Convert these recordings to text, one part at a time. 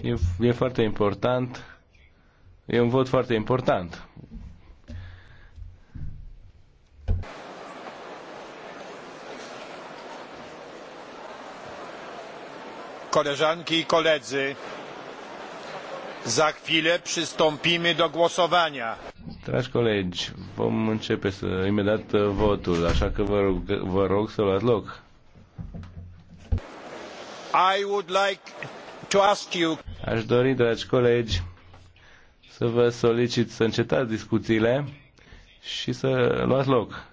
E, e foarte important. E un vot foarte important. Koleżanki i koledzy, za chwilę przystąpimy do głosowania. Dragi colegi, vom începe să, imediat votul, așa că vă rog, vă rog să luați loc. I would like Aș dori, dragi colegi, să vă solicit să încetați discuțiile și să luați loc.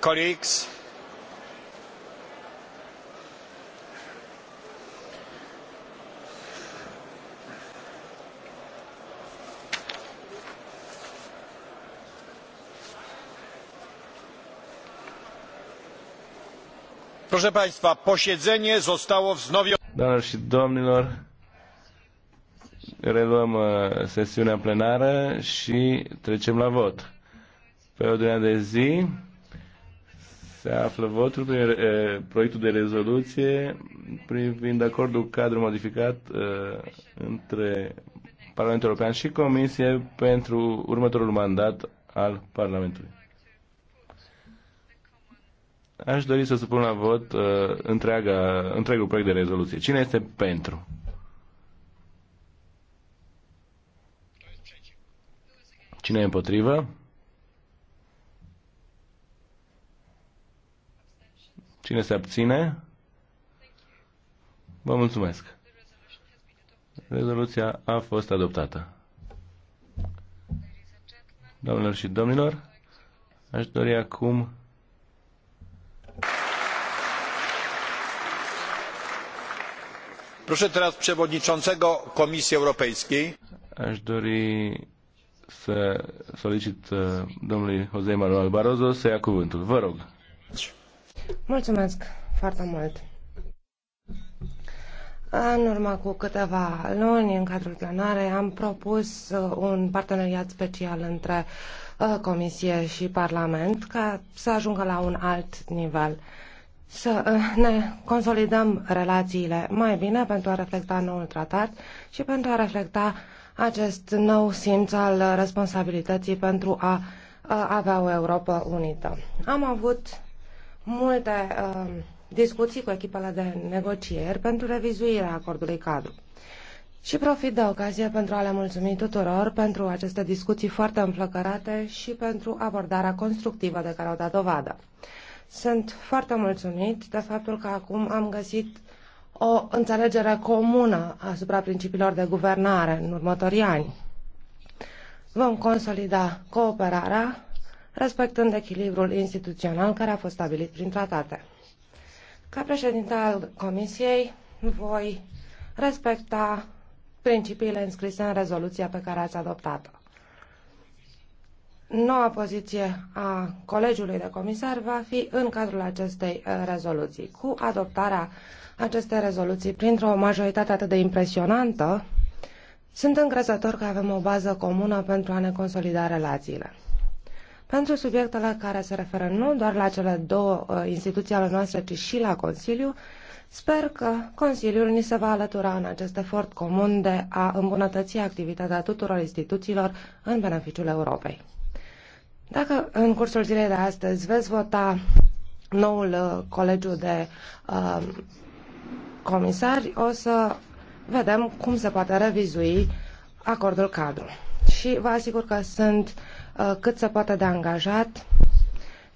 Colleagues, Proszę Państwa, posiedzenie zostało wznowione. Doamnelor și domnilor, reluăm sesiunea plenară și trecem la vot. Pe ordinea de zi se află votul prin proiectul de rezoluție privind acordul cadru modificat între Parlamentul European și Comisie pentru următorul mandat al Parlamentului. Aș dori să supun la vot uh, întreaga, întregul proiect de rezoluție. Cine este pentru? Cine e împotrivă? Cine se abține? Vă mulțumesc. Rezoluția a fost adoptată. Doamnelor și domnilor, aș dori acum Proszę teraz przewodniczącego Komisji Europejskiej. Aș dori să solicit domnului Jose Manuel Barroso să ia cuvântul. Vă rog. Mulțumesc foarte mult. În urmă cu câteva luni, în cadrul plenarei, am propus un parteneriat special între Comisie și Parlament ca să ajungă la un alt nivel să eh, ne consolidăm relațiile mai bine pentru a reflecta noul tratat și pentru a reflecta acest nou simț al responsabilității pentru a eh, avea o Europa unită. Am avut multe eh, discuții cu echipele de negocieri pentru revizuirea acordului cadru. Și profit de ocazie pentru a le mulțumi tuturor pentru aceste discuții foarte înflăcărate și pentru abordarea constructivă de care au dat dovadă. Sunt foarte mulțumit de faptul că acum am găsit o înțelegere comună asupra principiilor de guvernare în următorii ani. Vom consolida cooperarea respectând echilibrul instituțional care a fost stabilit prin tratate. Ca președinte al Comisiei, voi respecta principiile înscrise în rezoluția pe care ați adoptat-o. Noua poziție a Colegiului de Comisar va fi în cadrul acestei uh, rezoluții. Cu adoptarea acestei rezoluții printr-o majoritate atât de impresionantă, sunt încrezător că avem o bază comună pentru a ne consolida relațiile. Pentru subiectele care se referă nu doar la cele două uh, instituții ale noastre, ci și la Consiliu, sper că Consiliul ni se va alătura în acest efort comun de a îmbunătăți activitatea tuturor instituțiilor în beneficiul Europei. Dacă în cursul zilei de astăzi veți vota noul uh, colegiu de uh, comisari, o să vedem cum se poate revizui acordul cadru. Și vă asigur că sunt uh, cât se poate de angajat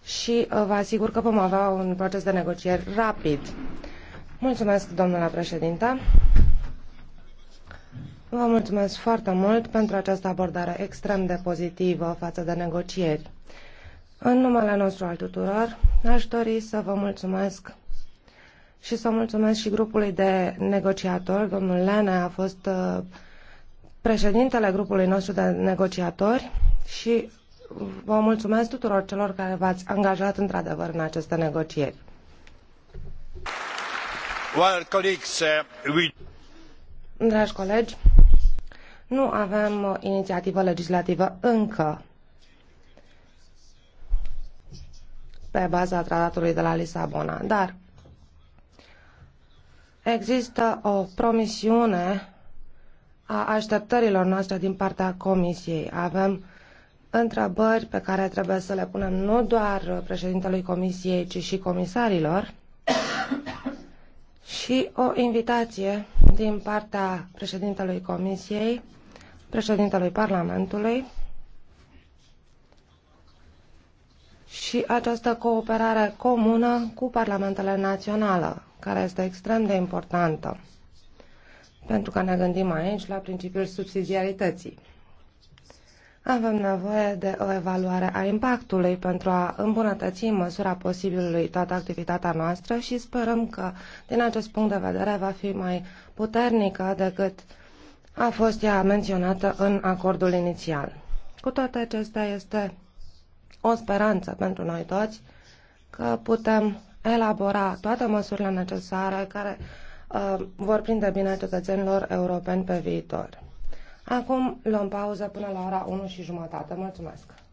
și uh, vă asigur că vom avea un proces de negocieri rapid. Mulțumesc, domnule președinte. Vă mulțumesc foarte mult pentru această abordare extrem de pozitivă față de negocieri. În numele nostru al tuturor, aș dori să vă mulțumesc și să mulțumesc și grupului de negociatori. Domnul Lene a fost uh, președintele grupului nostru de negociatori și vă mulțumesc tuturor celor care v-ați angajat într-adevăr în aceste negocieri. Well, colleagues, uh, we... Dragi colegi, nu avem uh, inițiativă legislativă încă pe baza tratatului de la Lisabona, dar există o promisiune a așteptărilor noastre din partea Comisiei. Avem întrebări pe care trebuie să le punem nu doar președintelui Comisiei, ci și comisarilor și o invitație din partea președintelui Comisiei, președintelui Parlamentului și această cooperare comună cu parlamentele naționale, care este extrem de importantă, pentru că ne gândim aici la principiul subsidiarității. Avem nevoie de o evaluare a impactului pentru a îmbunătăți în măsura posibilului toată activitatea noastră și sperăm că, din acest punct de vedere, va fi mai puternică decât a fost ea menționată în acordul inițial. Cu toate acestea, este o speranță pentru noi toți că putem elabora toate măsurile necesare care uh, vor prinde bine cetățenilor europeni pe viitor. Acum luăm pauză până la ora 1 și jumătate. Mulțumesc!